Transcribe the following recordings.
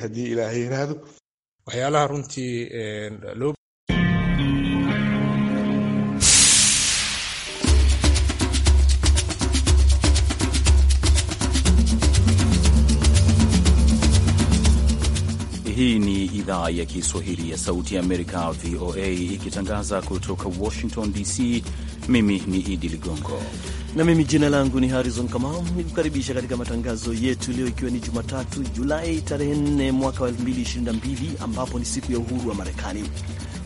haddii ilaahay yiraahdo waxyaalaha runtii eh, loo Hii ni idhaa ya Kiswahili ya Sauti ya Amerika, VOA, ikitangaza kutoka Washington DC. Mimi ni Idi Ligongo na mimi jina langu ni Harrison Kamau, nikukaribisha katika matangazo yetu leo, ikiwa ni Jumatatu Julai tarehe 4 mwaka wa 2022 ambapo ni siku ya uhuru wa Marekani.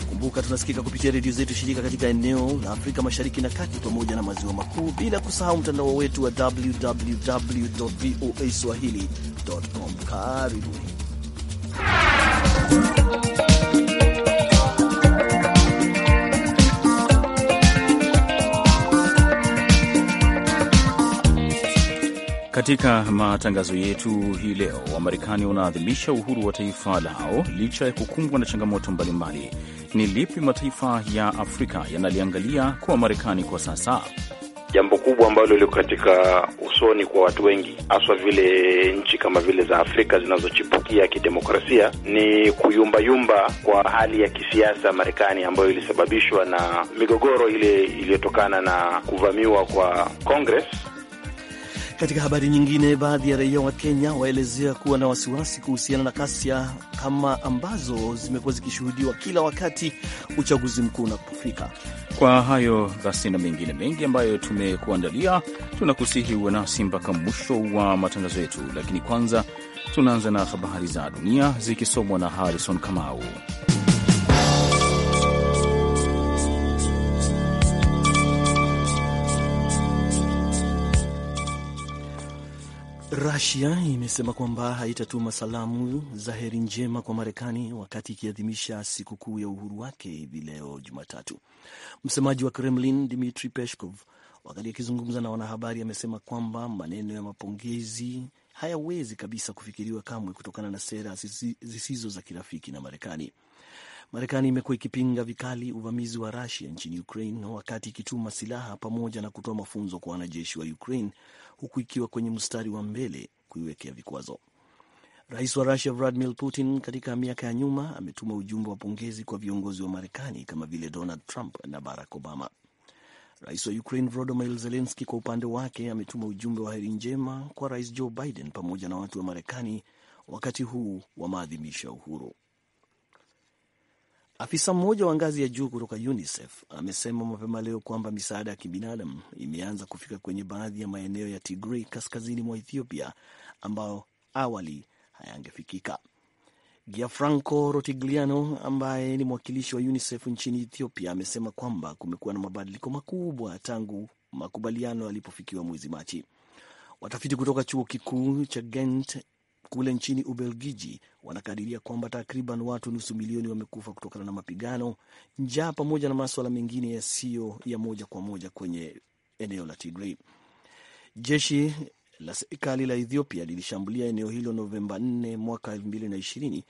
Kumbuka tunasikika kupitia redio zetu shirika katika eneo la Afrika Mashariki na Kati pamoja na maziwa makuu, bila kusahau mtandao wetu wa www voa swahili.com. Karibuni. Katika matangazo yetu hii leo, Wamarekani wanaadhimisha uhuru wa taifa lao licha ya kukumbwa na changamoto mbalimbali. Ni lipi mataifa ya Afrika yanaliangalia kwa marekani kwa sasa? jambo kubwa ambalo liko katika usoni kwa watu wengi, haswa vile nchi kama vile za Afrika zinazochipukia kidemokrasia, ni kuyumbayumba kwa hali ya kisiasa Marekani, ambayo ilisababishwa na migogoro ile iliyotokana na kuvamiwa kwa Congress katika habari nyingine, baadhi ya raia wa Kenya waelezea kuwa na wasiwasi kuhusiana na kasia kama ambazo zimekuwa zikishuhudiwa kila wakati uchaguzi mkuu unapofika. Kwa hayo basi na mengine mengi ambayo tumekuandalia, tunakusihi uwe nasi mpaka mwisho wa matangazo yetu, lakini kwanza tunaanza na habari za dunia zikisomwa na Harrison Kamau. Rusia imesema kwamba haitatuma salamu za heri njema kwa Marekani wakati ikiadhimisha sikukuu ya uhuru wake hivi leo Jumatatu. Msemaji wa Kremlin Dmitri Peshkov, wakati akizungumza na wanahabari, amesema kwamba maneno ya mapongezi hayawezi kabisa kufikiriwa kamwe kutokana na sera zisizo za kirafiki na Marekani. Marekani imekuwa ikipinga vikali uvamizi wa Rusia nchini Ukraine wakati ikituma silaha pamoja na kutoa mafunzo kwa wanajeshi wa Ukraine huku ikiwa kwenye mstari wa mbele kuiwekea vikwazo. Rais wa Rusia Vladimir Putin katika miaka ya nyuma ametuma ujumbe wa pongezi kwa viongozi wa Marekani kama vile Donald Trump na Barack Obama. Rais wa Ukraine Volodymyr Zelenski kwa upande wake ametuma ujumbe wa heri njema kwa Rais Joe Biden pamoja na watu wa Marekani wakati huu wa maadhimisho ya uhuru. Afisa mmoja wa ngazi ya juu kutoka UNICEF amesema mapema leo kwamba misaada ya kibinadamu imeanza kufika kwenye baadhi ya maeneo ya Tigray kaskazini mwa Ethiopia ambayo awali hayangefikika. Gianfranco Rotigliano ambaye ni mwakilishi wa UNICEF nchini Ethiopia amesema kwamba kumekuwa na mabadiliko makubwa tangu makubaliano yalipofikiwa mwezi Machi. Watafiti kutoka chuo kikuu cha Ghent kule nchini Ubelgiji wanakadiria kwamba takriban watu nusu milioni wamekufa kutokana na mapigano, njaa, pamoja na maswala mengine yasiyo ya moja kwa moja kwenye eneo la Tigray. Jeshi la serikali la Ethiopia lilishambulia eneo hilo Novemba 4 mwaka 2020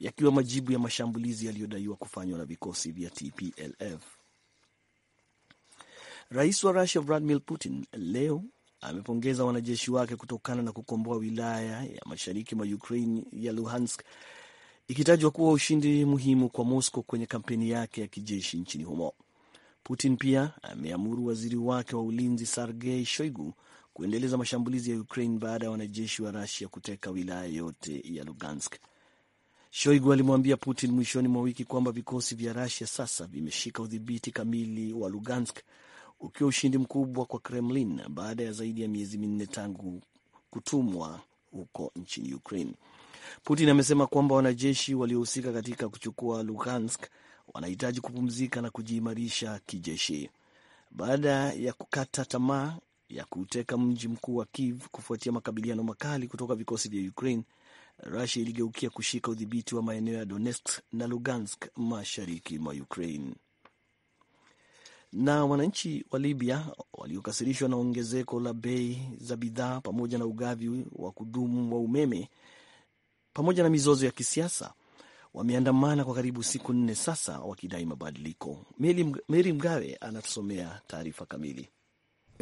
yakiwa majibu ya mashambulizi yaliyodaiwa kufanywa na vikosi vya TPLF. Rais wa Rusia Vladimir Putin leo amepongeza wanajeshi wake kutokana na kukomboa wilaya ya mashariki mwa Ukraine ya Luhansk, ikitajwa kuwa ushindi muhimu kwa Moscow kwenye kampeni yake ya kijeshi nchini humo. Putin pia ameamuru waziri wake wa ulinzi Sergei Shoigu kuendeleza mashambulizi ya Ukraine baada ya wanajeshi wa Rusia kuteka wilaya yote ya Lugansk. Shoigu alimwambia Putin mwishoni mwa wiki kwamba vikosi vya Rusia sasa vimeshika udhibiti kamili wa Lugansk ukiwa ushindi mkubwa kwa Kremlin baada ya zaidi ya miezi minne tangu kutumwa huko nchini Ukraine. Putin amesema kwamba wanajeshi waliohusika katika kuchukua lugansk wanahitaji kupumzika na kujiimarisha kijeshi baada ya kukata tamaa ya kuteka mji mkuu wa Kiev kufuatia makabiliano makali kutoka vikosi vya Ukraine. Rusia iligeukia kushika udhibiti wa maeneo ya Donetsk na Lugansk mashariki mwa Ukraine na wananchi wa Libya waliokasirishwa na ongezeko la bei za bidhaa pamoja na ugavi wa kudumu wa umeme pamoja na mizozo ya kisiasa wameandamana kwa karibu siku nne sasa wakidai mabadiliko. Meri Mgawe anatusomea taarifa kamili.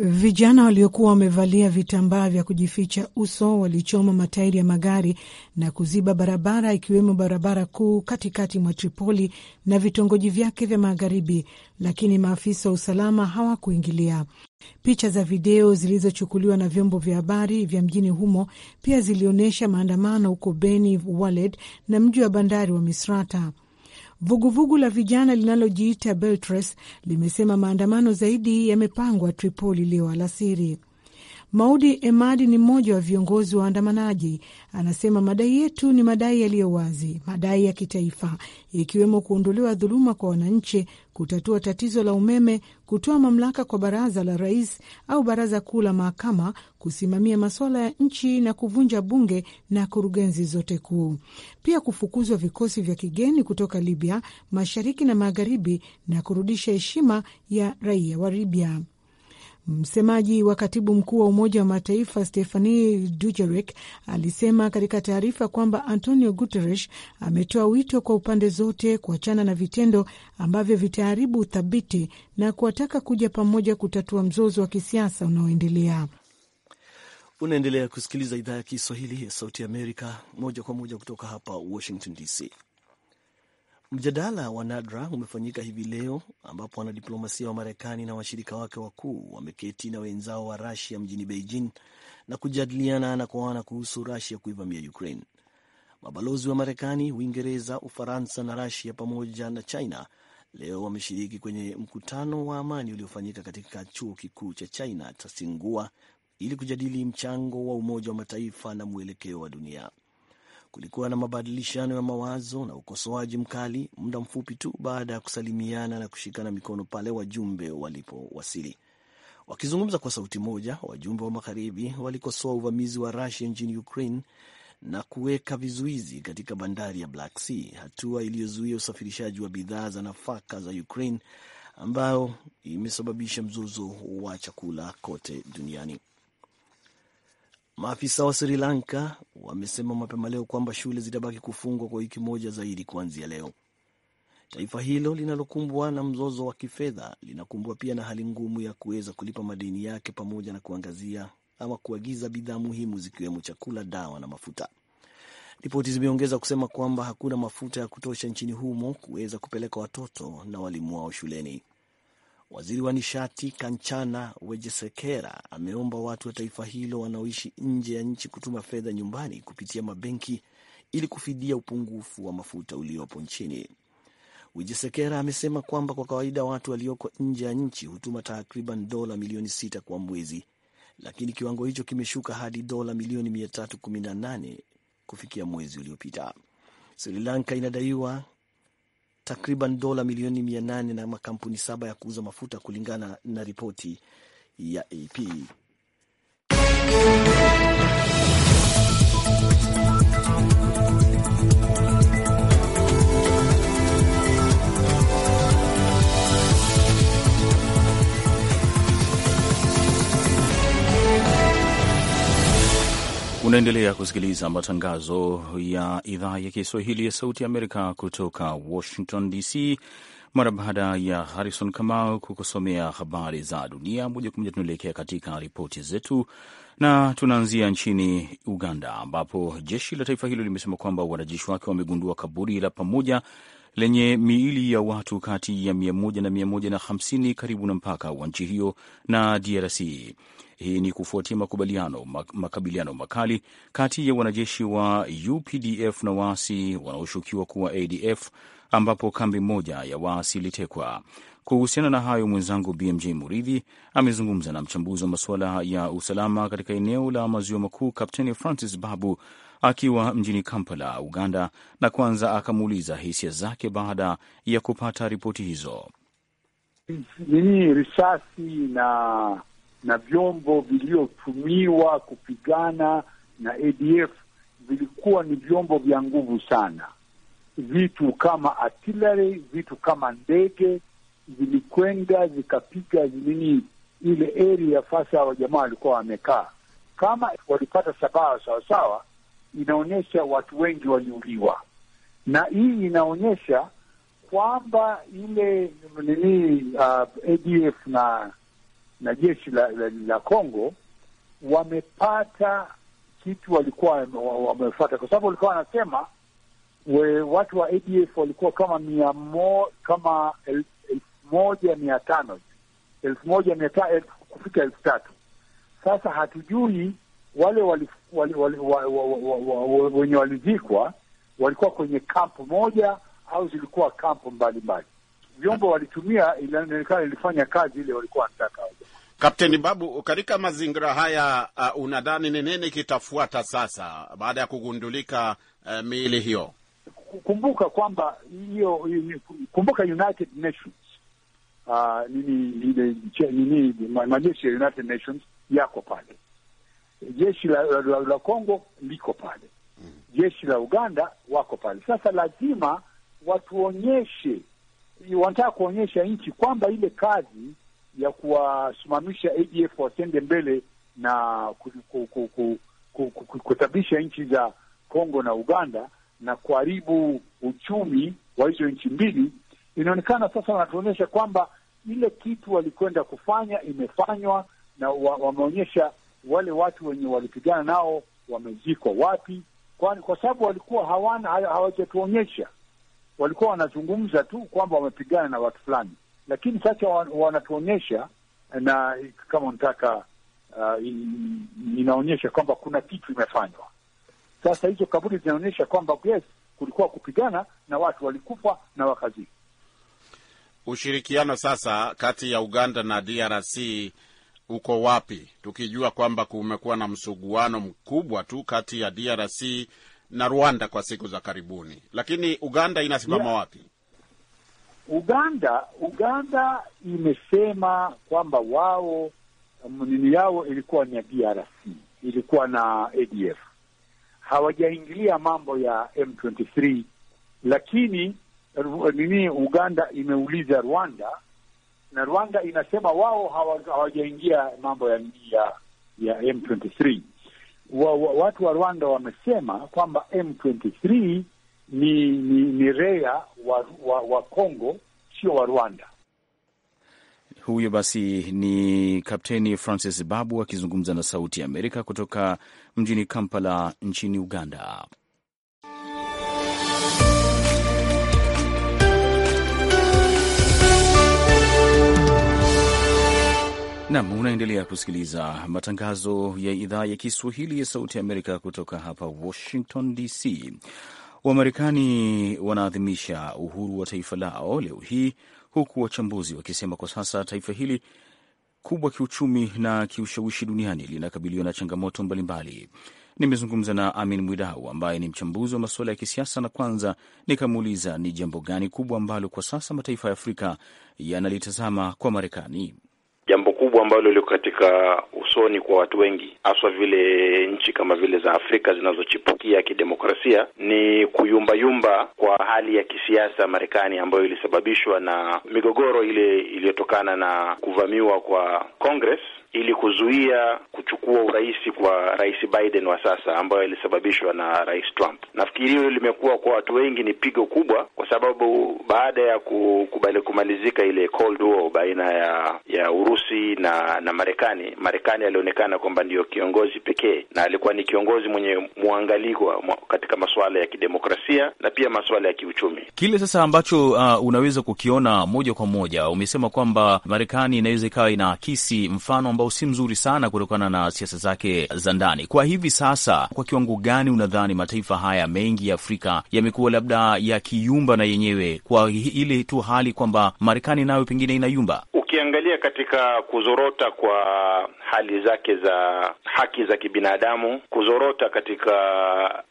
Vijana waliokuwa wamevalia vitambaa vya kujificha uso walichoma matairi ya magari na kuziba barabara, ikiwemo barabara kuu katikati mwa Tripoli na vitongoji vyake vya magharibi, lakini maafisa wa usalama hawakuingilia. Picha za video zilizochukuliwa na vyombo vya habari vya mjini humo pia zilionyesha maandamano huko Beni Waled na mji wa bandari wa Misrata. Vuguvugu vugu la vijana linalojiita Beltres limesema maandamano zaidi yamepangwa Tripoli leo alasiri. Maudi Emadi ni mmoja wa viongozi wa waandamanaji, anasema madai yetu ni madai yaliyo wazi, madai ya kitaifa, ikiwemo kuondolewa dhuluma kwa wananchi, kutatua tatizo la umeme, kutoa mamlaka kwa baraza la rais au baraza kuu la mahakama kusimamia masuala ya nchi na kuvunja bunge na kurugenzi zote kuu, pia kufukuzwa vikosi vya kigeni kutoka Libya mashariki na magharibi na kurudisha heshima ya raia wa Libya. Msemaji wa katibu mkuu wa Umoja wa Mataifa Stephanie Dujerik alisema katika taarifa kwamba Antonio Guterres ametoa wito kwa upande zote kuachana na vitendo ambavyo vitaharibu uthabiti na kuwataka kuja pamoja kutatua mzozo wa kisiasa unaoendelea. Unaendelea kusikiliza idhaa ya Kiswahili ya Sauti Amerika moja kwa moja kutoka hapa Washington DC. Mjadala wa nadra umefanyika hivi leo ambapo wanadiplomasia wa Marekani na washirika wake wakuu wameketi na wenzao wa Rasia mjini Beijing na kujadiliana na kwa wana kuhusu Rasia kuivamia Ukraine. Mabalozi wa Marekani, Uingereza, Ufaransa na Rasia pamoja na China leo wameshiriki kwenye mkutano wa amani uliofanyika katika chuo kikuu cha China cha ili kujadili mchango wa Umoja wa Mataifa na mwelekeo wa dunia. Kulikuwa na mabadilishano ya mawazo na ukosoaji mkali muda mfupi tu baada ya kusalimiana na kushikana mikono pale wajumbe walipowasili. Wakizungumza kwa sauti moja, wajumbe wa magharibi walikosoa uvamizi wa Rusia nchini Ukraine na kuweka vizuizi katika bandari ya Black Sea, hatua iliyozuia usafirishaji wa bidhaa za nafaka za Ukraine ambayo imesababisha mzozo wa chakula kote duniani. Maafisa wa Sri Lanka wamesema mapema leo kwamba shule zitabaki kufungwa kwa wiki moja zaidi kuanzia leo. Taifa hilo linalokumbwa na mzozo wa kifedha linakumbwa pia na hali ngumu ya kuweza kulipa madeni yake pamoja na kuangazia ama kuagiza bidhaa muhimu zikiwemo chakula, dawa na mafuta. Ripoti zimeongeza kusema kwamba hakuna mafuta ya kutosha nchini humo kuweza kupeleka watoto na walimu wao shuleni. Waziri wa nishati Kanchana Wejesekera ameomba watu wa taifa hilo wanaoishi nje ya nchi kutuma fedha nyumbani kupitia mabenki ili kufidia upungufu wa mafuta uliopo nchini. Wejesekera amesema kwamba kwa kawaida watu walioko nje ya nchi hutuma takriban dola milioni sita kwa mwezi, lakini kiwango hicho kimeshuka hadi dola milioni 318 kufikia mwezi uliopita. Sri Lanka inadaiwa takriban dola milioni mia nane na makampuni saba ya kuuza mafuta kulingana na ripoti ya AP. Unaendelea kusikiliza matangazo ya idhaa ya Kiswahili ya Sauti Amerika kutoka Washington DC. Mara baada ya Harrison Kamau kukusomea habari za dunia moja kwa moja, tunaelekea katika ripoti zetu na tunaanzia nchini Uganda ambapo jeshi la taifa hilo limesema kwamba wanajeshi wake wamegundua kaburi la pamoja lenye miili ya watu kati ya 100 na 150 karibu na mpaka wa nchi hiyo na DRC. Hii ni kufuatia makubaliano makabiliano makali kati ya wanajeshi wa UPDF na waasi wanaoshukiwa kuwa ADF ambapo kambi moja ya waasi ilitekwa. Kuhusiana na hayo, mwenzangu BMJ Muridhi amezungumza na mchambuzi wa masuala ya usalama katika eneo la maziwa makuu Kapteni Francis Babu akiwa mjini Kampala, Uganda, na kwanza akamuuliza hisia zake baada ya kupata ripoti hizo. Nini risasi na na vyombo viliyotumiwa kupigana na ADF vilikuwa ni vyombo vya nguvu sana, vitu kama artillery, vitu kama ndege zilikwenda zikapiga nini ile area fasa wa jamaa walikuwa wamekaa. Kama walipata sabaha sawasawa, inaonyesha watu wengi waliuliwa, na hii inaonyesha kwamba ile nini uh, ADF na na jeshi la, la, la Kongo wamepata kitu walikuwa wamefata kwa sababu walikuwa wanasema we, watu wa ADF walikuwa kama mia mo, kama el, elfu moja mia tano elfu moja mia tano kufika elfu tatu Sasa hatujui wale wenye walizikwa walikuwa kwenye kampu moja au zilikuwa kampu mbalimbali. Vyombo walitumia, inaonekana ilifanya kazi ile walikuwa wanataka. Kapteni Babu, katika mazingira haya uh, unadhani ni nini kitafuata sasa baada ya kugundulika uh, miili hiyo? Kumbuka kwamba hiyo, kumbuka United Nations uh, nini, nini, nini, majeshi ya United Nations yako pale jeshi la, la, la, la Kongo liko pale mm. jeshi la Uganda wako pale. Sasa lazima watuonyeshe, wanataka kuonyesha nchi kwamba ile kazi ya kuwasimamisha ADF wasende mbele na kutabisha nchi za Kongo na Uganda na kuharibu uchumi wa hizo nchi mbili, inaonekana sasa wanatuonyesha kwamba ile kitu walikwenda kufanya imefanywa na wameonyesha wale watu wenye walipigana nao wamezikwa wapi, kwani kwa sababu walikuwa hawana hawajatuonyesha. Walikuwa wanazungumza tu kwamba wamepigana na watu fulani, lakini sasa wanatuonyesha, na kama unataka uh, inaonyesha kwamba kuna kitu imefanywa. Sasa hizo kaburi zinaonyesha kwamba yes, kulikuwa kupigana na watu walikufa na wakazi Ushirikiano sasa kati ya Uganda na DRC uko wapi, tukijua kwamba kumekuwa na msuguano mkubwa tu kati ya DRC na Rwanda kwa siku za karibuni. Lakini Uganda inasimama yeah, wapi? Uganda Uganda imesema kwamba wao nini yao ilikuwa ni ya DRC, ilikuwa na ADF, hawajaingilia mambo ya M23, lakini nini Uganda imeuliza Rwanda na Rwanda inasema wao hawajaingia mambo ya ya, ya M23. Wa, wa, watu wa Rwanda wamesema kwamba M23 ni ni, ni raia wa, wa, wa Kongo sio wa Rwanda. Huyo basi ni Kapteni Francis Babu akizungumza na Sauti ya Amerika kutoka mjini Kampala nchini Uganda. Nam, unaendelea kusikiliza matangazo ya idhaa ya Kiswahili ya Sauti ya Amerika kutoka hapa Washington DC. Wamarekani wanaadhimisha uhuru wa taifa lao leo hii, huku wachambuzi wakisema kwa sasa taifa hili kubwa kiuchumi na kiushawishi duniani linakabiliwa na changamoto mbalimbali. Nimezungumza na Amin Mwidau ambaye ni mchambuzi wa masuala ya kisiasa, na kwanza nikamuuliza ni jambo gani kubwa ambalo kwa sasa mataifa ya Afrika yanalitazama kwa Marekani jambo kubwa ambalo liko katika usoni kwa watu wengi, haswa vile nchi kama vile za Afrika zinazochipukia kidemokrasia, ni kuyumbayumba kwa hali ya kisiasa Marekani, ambayo ilisababishwa na migogoro ile iliyotokana na kuvamiwa kwa Congress ili kuzuia kuchukua urais kwa rais Biden wa sasa, ambayo ilisababishwa na rais Trump. Nafikiri hilo limekuwa kwa watu wengi ni pigo kubwa, kwa sababu baada ya kukubali kumalizika ile Cold War baina ya ya Urusi na na Marekani, Marekani alionekana kwamba ndiyo kiongozi pekee na alikuwa ni kiongozi mwenye mwangalikwa katika masuala ya kidemokrasia na pia masuala ya kiuchumi. Kile sasa ambacho uh, unaweza kukiona moja kwa moja, umesema kwamba Marekani inaweza ikawa inaakisi mfano ambao ambao si mzuri sana kutokana na siasa zake za ndani. Kwa hivi sasa, kwa kiwango gani unadhani mataifa haya mengi ya Afrika yamekuwa labda yakiyumba na yenyewe kwa ile tu hali kwamba Marekani nayo pengine inayumba? Ukiangalia katika kuzorota kwa hali zake za haki za kibinadamu, kuzorota katika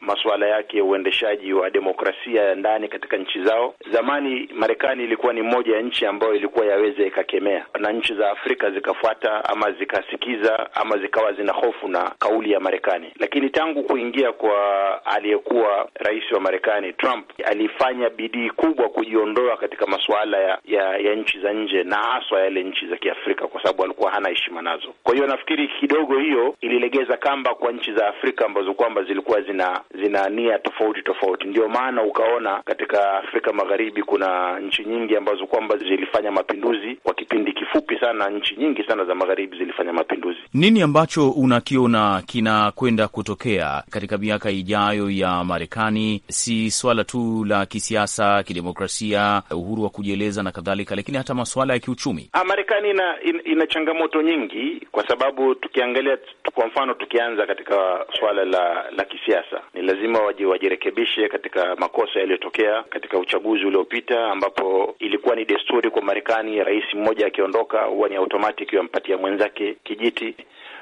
masuala yake ya uendeshaji wa demokrasia ya ndani katika nchi zao. Zamani Marekani ilikuwa ni moja ya nchi ambayo ilikuwa yaweza ikakemea, na nchi za Afrika zikafuata ama zikasikiza ama zikawa zina hofu na kauli ya Marekani. Lakini tangu kuingia kwa aliyekuwa rais wa Marekani Trump, alifanya bidii kubwa kujiondoa katika masuala ya, ya, ya nchi za nje na haswa yale zile nchi za Kiafrika kwa sababu alikuwa hana heshima nazo. Kwa hiyo nafikiri kidogo hiyo ililegeza kamba kwa nchi za Afrika ambazo kwamba zilikuwa zina zina nia tofauti tofauti. Ndio maana ukaona katika Afrika Magharibi kuna nchi nyingi ambazo kwamba zilifanya mapinduzi kwa kipindi kifupi sana. Nchi nyingi sana za magharibi zilifanya mapinduzi. Nini ambacho unakiona kinakwenda kutokea katika miaka ijayo ya Marekani? Si swala tu la kisiasa, kidemokrasia, uhuru wa kujieleza na kadhalika, lakini hata masuala ya kiuchumi. Ah, Marekani ina, ina, ina changamoto nyingi kwa sababu tukiangalia kwa mfano tukianza katika suala la la kisiasa, ni lazima waji, wajirekebishe katika makosa yaliyotokea katika uchaguzi uliopita, ambapo ilikuwa ni desturi kwa Marekani, rais mmoja akiondoka huwa ni automatic wampatia mwenzake kijiti.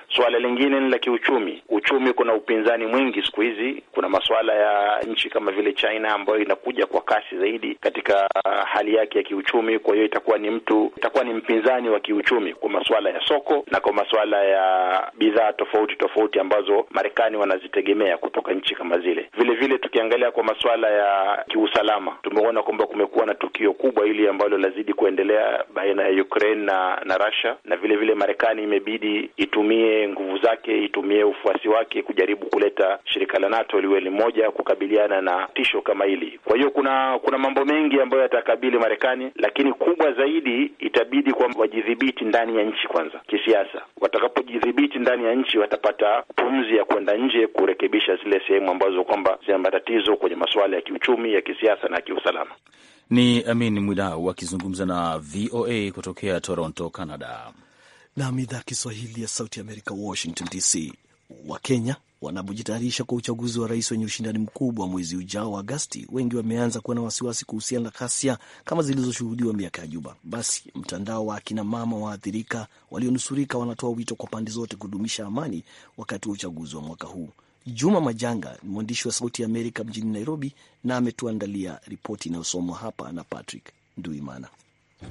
Suala lingine ni la kiuchumi. Uchumi kuna upinzani mwingi siku hizi. Kuna masuala ya nchi kama vile China ambayo inakuja kwa kasi zaidi katika hali yake ya kiuchumi. Kwa hiyo itakuwa ni mtu itakuwa ni mpinzani wa kiuchumi kwa masuala ya soko na kwa masuala ya bidhaa tofauti tofauti ambazo Marekani wanazitegemea kutoka nchi kama zile. Vile vile tukiangalia kwa masuala ya kiusalama, tumeona kwamba kumekuwa na tukio kubwa hili ambalo lazidi kuendelea baina ya Ukraine na na Russia, na vile vile Marekani imebidi itumie itumie nguvu zake, itumie ufuasi wake kujaribu kuleta shirika la NATO liwe moja kukabiliana na tisho kama hili. Kwa hiyo kuna kuna mambo mengi ambayo yatakabili Marekani, lakini kubwa zaidi itabidi kwamba wajidhibiti ndani ya nchi kwanza kisiasa. Watakapojidhibiti ndani ya nchi, watapata pumzi ya kwenda nje kurekebisha zile sehemu ambazo kwamba zina matatizo kwenye masuala ya kiuchumi, ya kisiasa na kiusalama. Ni Amin Mwidau akizungumza na VOA kutokea Toronto, Canada. Nam, idhaa Kiswahili ya Sauti Amerika, Washington DC. Wakenya wanapojitayarisha kwa uchaguzi wa rais wenye ushindani mkubwa mwezi ujao wa Agasti, wengi wameanza kuwa na wasiwasi kuhusiana na ghasia kama zilizoshuhudiwa miaka ya juma. Basi mtandao wa akinamama waathirika walionusurika wanatoa wito kwa pande zote kudumisha amani wakati wa uchaguzi wa mwaka huu. Juma Majanga ni mwandishi wa Sauti ya Amerika mjini Nairobi na ametuandalia ripoti inayosomwa hapa na Patrick Nduimana.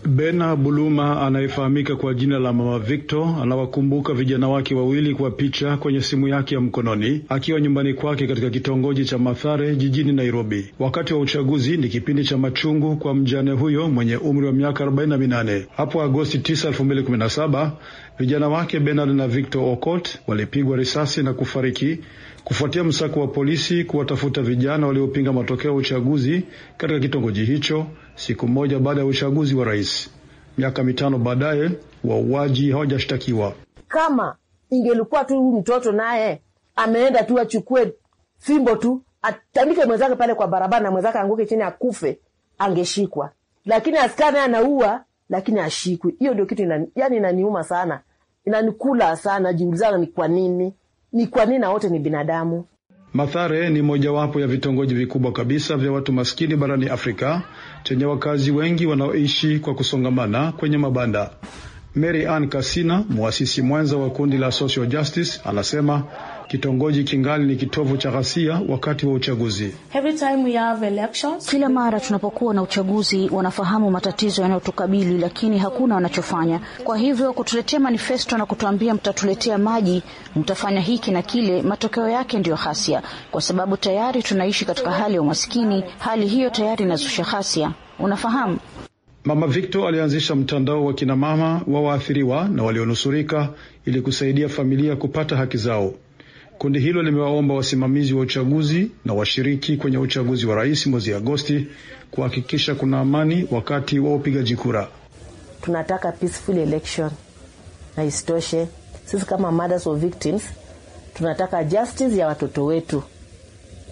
Bena Buluma anayefahamika kwa jina la Mama Victor anawakumbuka vijana wake wawili kwa picha kwenye simu yake ya mkononi akiwa nyumbani kwake katika kitongoji cha Mathare jijini Nairobi. Wakati wa uchaguzi ni kipindi cha machungu kwa mjane huyo mwenye umri wa miaka 48. Hapo Agosti 9, 2017 vijana wake Benard na Victor Okot walipigwa risasi na kufariki kufuatia msako wa polisi kuwatafuta vijana waliopinga matokeo ya uchaguzi katika kitongoji hicho siku moja baada ya uchaguzi wa rais. Miaka mitano baadaye wauaji hawajashtakiwa. Kama ingelikuwa tu huyu mtoto naye ameenda tu achukue fimbo tu atandike mwenzake pale kwa barabara na mwenzake anguke chini akufe, angeshikwa. Lakini askari naye anaua, lakini ashikwi. Hiyo ndio kitu inani, yani inaniuma sana, inanikula sana. Jiulizana ni kwa nini, ni kwa nini? Na wote ni binadamu. Mathare ni mojawapo ya vitongoji vikubwa kabisa vya watu maskini barani Afrika chenye wakazi wengi wanaoishi kwa kusongamana kwenye mabanda. Mary Ann Kasina, mwasisi mwenza wa kundi la Social Justice, anasema Kitongoji kingali ni kitovu cha ghasia wakati wa uchaguzi. Every time we have elections, kila mara tunapokuwa na uchaguzi wanafahamu matatizo yanayotukabili, lakini hakuna wanachofanya. Kwa hivyo kutuletea manifesto na kutuambia mtatuletea maji, mtafanya hiki na kile, matokeo yake ndiyo ghasia, kwa sababu tayari tunaishi katika hali ya umaskini. Hali hiyo tayari inazusha ghasia, unafahamu. Mama Victor alianzisha mtandao wa kinamama wa waathiriwa na walionusurika ili kusaidia familia kupata haki zao. Kundi hilo limewaomba wasimamizi wa uchaguzi na washiriki kwenye uchaguzi wa rais mwezi Agosti kuhakikisha kuna amani wakati wa upigaji kura. Tunataka peaceful election, na isitoshe sisi kama mothers of victims tunataka justice ya watoto wetu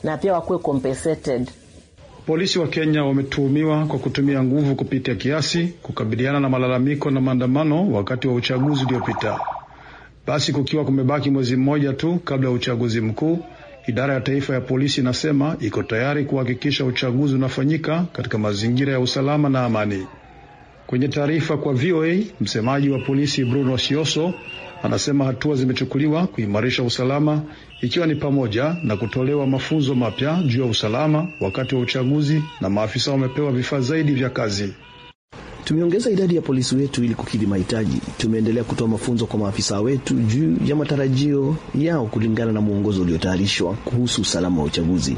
na pia wakuwe compensated. Polisi wa Kenya wametuhumiwa kwa kutumia nguvu kupita kiasi kukabiliana na malalamiko na maandamano wakati wa uchaguzi uliopita. Basi kukiwa kumebaki mwezi mmoja tu kabla ya uchaguzi mkuu, idara ya taifa ya polisi inasema iko tayari kuhakikisha uchaguzi unafanyika katika mazingira ya usalama na amani. Kwenye taarifa kwa VOA, msemaji wa polisi Bruno Sioso anasema hatua zimechukuliwa kuimarisha usalama, ikiwa ni pamoja na kutolewa mafunzo mapya juu ya usalama wakati wa uchaguzi na maafisa wamepewa vifaa zaidi vya kazi. Tumeongeza idadi ya polisi wetu ili kukidhi mahitaji. Tumeendelea kutoa mafunzo kwa maafisa wetu juu ya matarajio yao kulingana na mwongozo uliotayarishwa kuhusu usalama wa uchaguzi.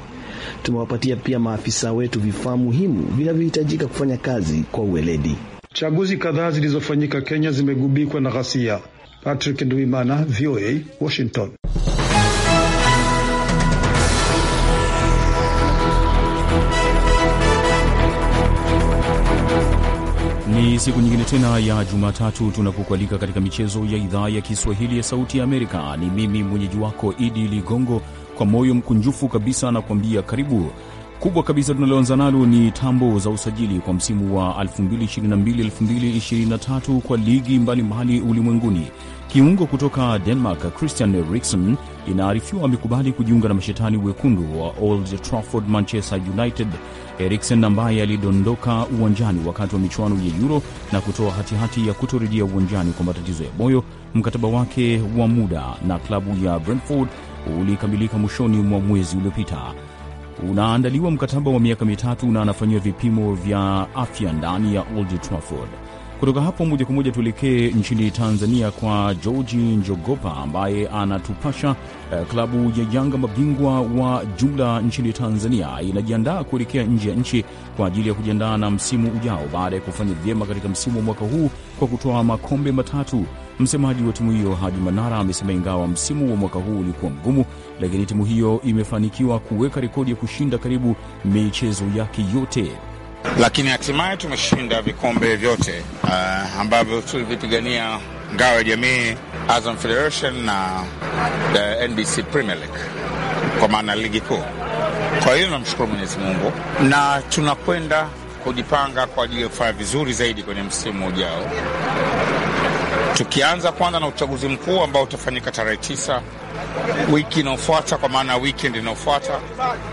Tumewapatia pia maafisa wetu vifaa muhimu vinavyohitajika kufanya kazi kwa uweledi. Chaguzi kadhaa zilizofanyika Kenya zimegubikwa na ghasia. Patrick Ndwimana, VOA, Washington. siku nyingine tena ya Jumatatu tunapokualika katika michezo ya idhaa ya Kiswahili ya Sauti ya Amerika. Ni mimi mwenyeji wako Idi Ligongo, kwa moyo mkunjufu kabisa nakuambia karibu kubwa kabisa tunaloanza nalo ni tambo za usajili kwa msimu wa 2022-2023 kwa ligi mbalimbali ulimwenguni. Kiungo kutoka Denmark Christian Eriksen inaarifiwa amekubali kujiunga na mashetani wekundu wa Old Trafford, Manchester United. Eriksen ambaye alidondoka uwanjani wakati wa michuano ya Euro na kutoa hatihati ya kutorejea uwanjani kwa matatizo ya moyo, mkataba wake wa muda na klabu ya Brentford ulikamilika mwishoni mwa mwezi uliopita. Unaandaliwa mkataba wa miaka mitatu na anafanyiwa vipimo vya afya ndani ya Old Trafford. Kutoka hapo moja kwa moja tuelekee nchini Tanzania kwa Georgi Njogopa ambaye anatupasha. eh, klabu ya Yanga mabingwa wa jumla nchini Tanzania inajiandaa kuelekea nje ya nchi kwa ajili ya kujiandaa na msimu ujao baada ya kufanya vyema katika msimu wa mwaka huu kwa kutoa makombe matatu. Msemaji wa timu hiyo Haji Manara amesema ingawa msimu wa mwaka huu ulikuwa mgumu, lakini timu hiyo imefanikiwa kuweka rekodi ya kushinda karibu michezo yake yote lakini hatimaye tumeshinda vikombe vyote uh, ambavyo tulivipigania ngao ya jamii, Azam Federation na the uh, NBC Premier League kwa maana ligi kuu. Kwa hiyo namshukuru Mwenyezi Mungu na tunakwenda kujipanga kwa ajili ya kufanya vizuri zaidi kwenye msimu ujao, tukianza kwanza na uchaguzi mkuu ambao utafanyika tarehe tisa wiki inayofuata, kwa maana ya weekend inayofuata.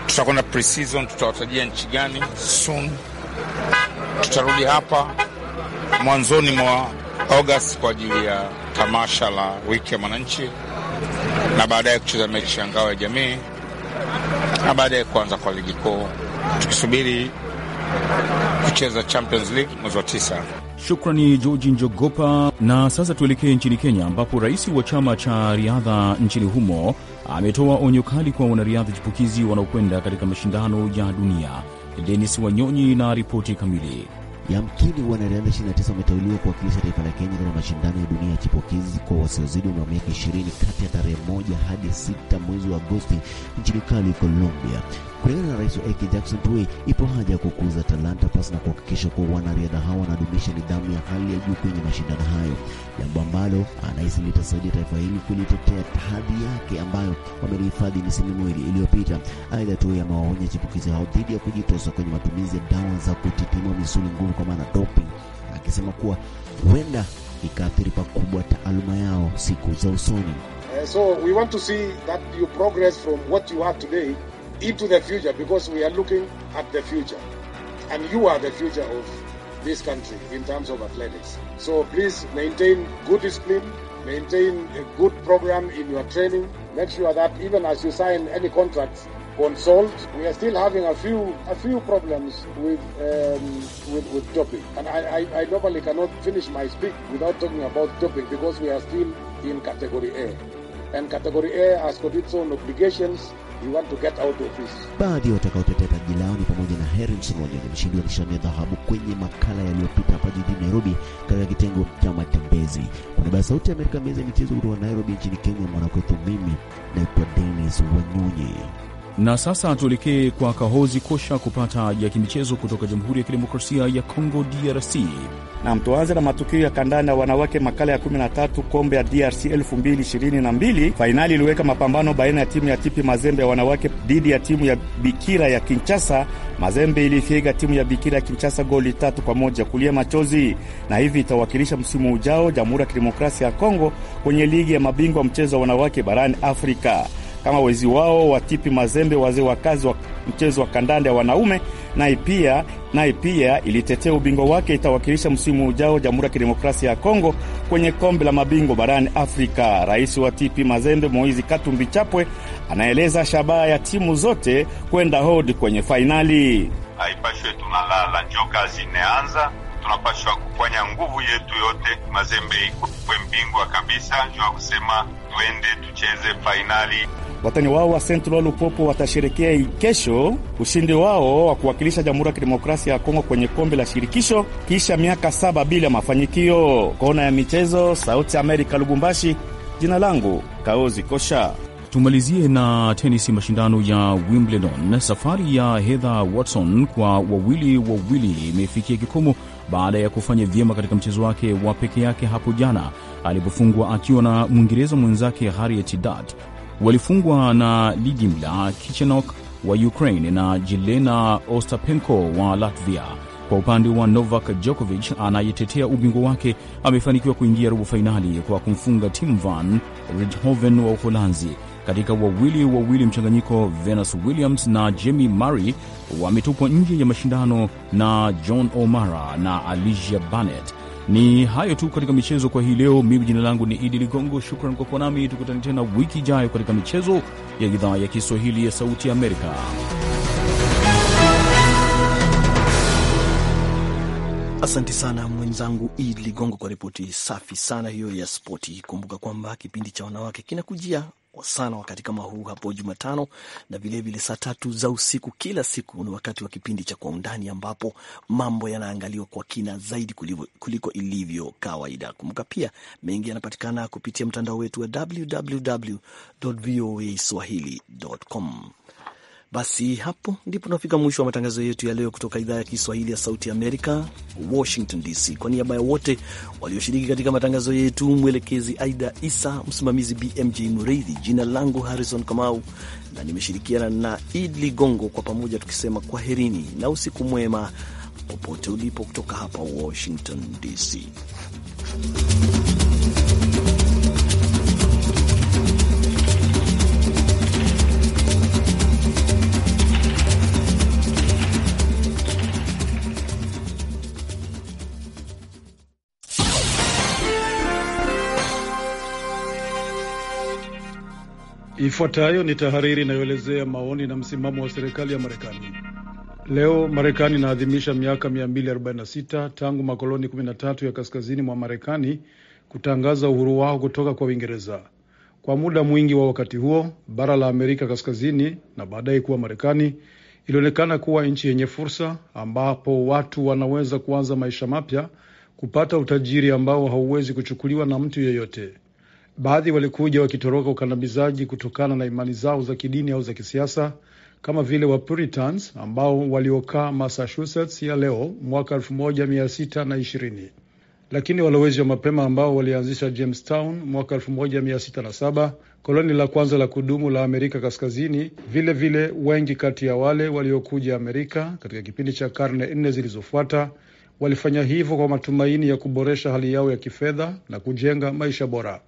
Tutakwenda pre-season, tutawatajia nchi gani soon Tutarudi hapa mwanzoni mwa Agosti kwa ajili ya tamasha la wiki ya mwananchi na baadaye kucheza mechi ya ngao ya jamii na baadaye kuanza kwa ligi kuu tukisubiri kucheza Champions League mwezi wa tisa. Shukrani Georgi Njogopa. Na sasa tuelekee nchini Kenya, ambapo rais wa chama cha riadha nchini humo ametoa onyo kali kwa wanariadha chipukizi wanaokwenda katika mashindano ya dunia. Denis Wanyonyi na ripoti kamili. Yamkini wanariadha 29 wameteuliwa kuwakilisha taifa la Kenya katika mashindano ya dunia ya chipukizi kwa wasiozidi umri wa miaka 20 kati ya tarehe moja hadi sita mwezi wa Agosti nchini Cali, Colombia. Kulingana na Rais wa AK Jackson Tuwei, ipo haja ya kukuza talanta pasi na kuhakikisha kuwa wanariadha hawa wanadumisha nidhamu ya hali ya juu kwenye mashindano hayo, jambo ambalo anahisi litasaidia taifa hili kulitetea hadhi yake ambayo wamelihifadhi misimu miwili iliyopita. Aidha, Tuwei amewaonya chipukizi hao dhidi ya kujitosa kwenye matumizi ya dawa za kutitimua misuli nguvu wamekumbana na doping, akisema kuwa huenda ikaathiri pakubwa taaluma yao siku za usoni. Uh, so we want to see that you progress from what you are today into the future because we are looking at the future and you are the future of this country in terms of athletics. So please maintain good discipline, maintain a good program in your training. Make sure that even as you sign any contracts consult. We are still having a few a few problems with um, with, with topic, and I, I, I normally cannot finish my speech without talking about topic because we are still in category A, and category A has got its own obligations. We want to get out of this. Baadhi ya watakaotetea taji lao ni pamoja na Helen Wanyonyi, mshindi wa nishani ya dhahabu kwenye makala yaliyopita hapa jijini Nairobi katika kitengo cha matembezi. Kwa niaba ya Sauti ya Amerika, meza ya michezo kutoka Nairobi nchini Kenya, mwanakwetu, mimi naitwa Dennis Wanyonyi. Na sasa tuelekee kwa Kahozi Kosha kupata ya kimichezo kutoka Jamhuri ya Kidemokrasia ya Kongo, DRC. Nam, tuanze na matukio ya kandanda ya wanawake, makala ya 13 kombe ya DRC 2022. Fainali iliweka mapambano baina ya timu ya Tipi Mazembe ya wanawake dhidi ya timu ya Bikira ya kinchasa Mazembe ilifiga timu ya Bikira ya kinchasa goli tatu kwa moja kulia machozi, na hivi itawakilisha msimu ujao Jamhuri ya Kidemokrasia ya Kongo kwenye ligi ya mabingwa mchezo wa wanawake barani Afrika kama wezi wao Watipi Mazembe, wazee wakazi wa mchezo wa kandanda ya wanaume, naye pia naye pia ilitetea ubingwa wake. Itawakilisha msimu ujao Jamhuri ya Kidemokrasia ya Kongo kwenye kombe la mabingwa barani Afrika. Rais wa Tipi Mazembe Moizi Katumbi Chapwe anaeleza shabaha ya timu zote kwenda hodi kwenye fainali. Haipashwe tunalala, njo kazi imeanza. Tunapashwa kufanya nguvu yetu yote, Mazembe ikuwe mbingwa kabisa, njo ya kusema tuende tucheze fainali. Watani wao wa Central Lupopo watasherekea kesho ushindi wao wa kuwakilisha Jamhuri ya Kidemokrasia ya Kongo kwenye kombe la shirikisho kisha miaka saba bila mafanikio. Kona ya michezo, Sauti Amerika, Lubumbashi. Jina langu Kaozi Kosha. Tumalizie na tenisi, mashindano ya Wimbledon. Safari ya Heather Watson kwa wawili wawili imefikia kikomo baada ya kufanya vyema katika mchezo wake wa peke yake hapo jana alipofungwa akiwa na Mwingereza mwenzake Harriet Dart walifungwa na Lidimla Kichenok wa Ukraine na Jelena Ostapenko wa Latvia. Kwa upande wa Novak Djokovic anayetetea ubingwa wake amefanikiwa kuingia robo fainali kwa kumfunga Tim Van rithoven wa Uholanzi. Katika wawili wawili mchanganyiko, Venus Williams na Jamie Murray wametupwa nje ya mashindano na John O'Mara na Alicia Barnett. Ni hayo tu katika michezo kwa hii leo. Mimi jina langu ni Idi Ligongo, shukran kwa kuwa nami. Tukutane tena wiki ijayo katika michezo ya idhaa ya Kiswahili ya Sauti ya Amerika. Asante sana mwenzangu Idi Ligongo kwa ripoti safi sana hiyo ya spoti. Kumbuka kwamba kipindi cha wanawake kinakujia sana wakati kama huu hapo Jumatano na vilevile saa tatu za usiku kila siku. Ni wakati wa kipindi cha Kwa Undani ambapo mambo yanaangaliwa kwa kina zaidi kuliko, kuliko ilivyo kawaida. Kumbuka pia mengi yanapatikana kupitia mtandao wetu wa www voa swahili com. Basi hapo ndipo tunafika mwisho wa matangazo yetu ya leo kutoka idhaa ya Kiswahili ya Sauti Amerika, Washington DC. Kwa niaba ya wote walioshiriki katika matangazo yetu, mwelekezi Aida Isa, msimamizi BMJ Mureithi, jina langu Harrison Kamau na nimeshirikiana na Id Ligongo, kwa pamoja tukisema kwaherini na usiku mwema popote ulipo kutoka hapa Washington DC. Ifuatayo ni tahariri inayoelezea maoni na msimamo wa serikali ya Marekani. Leo Marekani inaadhimisha miaka 246 tangu makoloni 13 ya kaskazini mwa Marekani kutangaza uhuru wao kutoka kwa Uingereza. Kwa muda mwingi wa wakati huo, bara la Amerika Kaskazini na baadaye kuwa Marekani ilionekana kuwa nchi yenye fursa, ambapo watu wanaweza kuanza maisha mapya, kupata utajiri ambao hauwezi kuchukuliwa na mtu yeyote. Baadhi walikuja wakitoroka ukandamizaji kutokana na imani zao za kidini au za kisiasa kama vile Wapuritans ambao waliokaa Massachusetts ya leo mwaka 1620 lakini walowezi wa mapema ambao walianzisha Jamestown mwaka 1607, koloni la kwanza la kudumu la Amerika Kaskazini. Vile vile wengi kati ya wale waliokuja Amerika katika kipindi cha karne nne zilizofuata walifanya hivyo kwa matumaini ya kuboresha hali yao ya kifedha na kujenga maisha bora.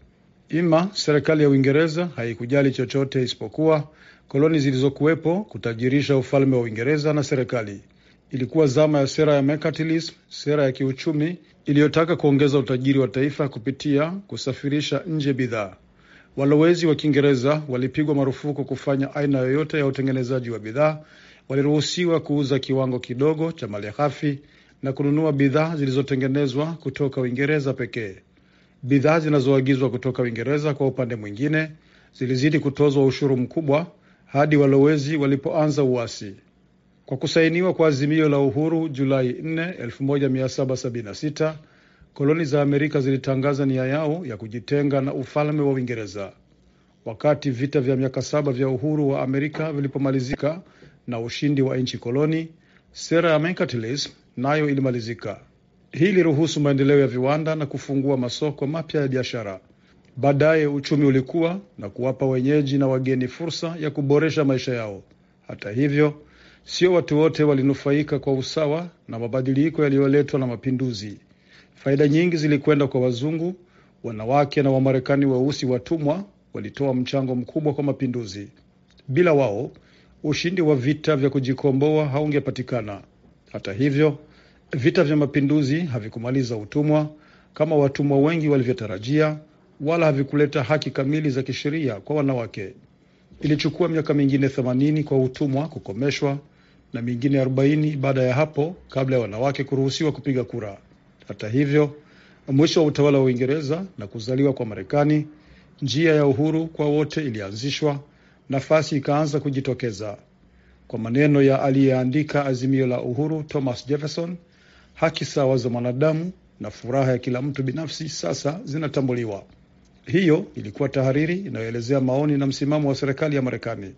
Ima serikali ya Uingereza haikujali chochote isipokuwa koloni zilizokuwepo kutajirisha ufalme wa Uingereza na serikali. Ilikuwa zama ya sera ya mercantilism, sera ya kiuchumi iliyotaka kuongeza utajiri wa taifa kupitia kusafirisha nje bidhaa. Walowezi wa Kiingereza walipigwa marufuku kufanya aina yoyote ya utengenezaji wa bidhaa. Waliruhusiwa kuuza kiwango kidogo cha malighafi na kununua bidhaa zilizotengenezwa kutoka Uingereza pekee. Bidhaa zinazoagizwa kutoka Uingereza kwa upande mwingine zilizidi kutozwa ushuru mkubwa hadi walowezi walipoanza uasi. Kwa kusainiwa kwa azimio la uhuru Julai 4, 1776 koloni za Amerika zilitangaza nia yao ya kujitenga na ufalme wa Uingereza. Wakati vita vya miaka saba vya uhuru wa Amerika vilipomalizika na ushindi wa nchi koloni, sera ya mercantilism nayo ilimalizika. Hii iliruhusu maendeleo ya viwanda na kufungua masoko mapya ya biashara. Baadaye uchumi ulikuwa na kuwapa wenyeji na wageni fursa ya kuboresha maisha yao. Hata hivyo, sio watu wote walinufaika kwa usawa na mabadiliko yaliyoletwa na mapinduzi. Faida nyingi zilikwenda kwa wazungu. Wanawake na Wamarekani weusi wa watumwa walitoa mchango mkubwa kwa mapinduzi. Bila wao, ushindi wa vita vya kujikomboa haungepatikana. Hata hivyo Vita vya mapinduzi havikumaliza utumwa kama watumwa wengi walivyotarajia, wala havikuleta haki kamili za kisheria kwa wanawake. Ilichukua miaka mingine 80 kwa utumwa kukomeshwa na mingine 40 baada ya hapo kabla ya wanawake kuruhusiwa kupiga kura. Hata hivyo, mwisho wa utawala wa Uingereza na kuzaliwa kwa Marekani, njia ya uhuru kwa wote ilianzishwa, nafasi ikaanza kujitokeza. Kwa maneno ya aliyeandika Azimio la Uhuru Thomas Jefferson, haki sawa za mwanadamu na furaha ya kila mtu binafsi sasa zinatambuliwa. Hiyo ilikuwa tahariri inayoelezea maoni na msimamo wa serikali ya Marekani.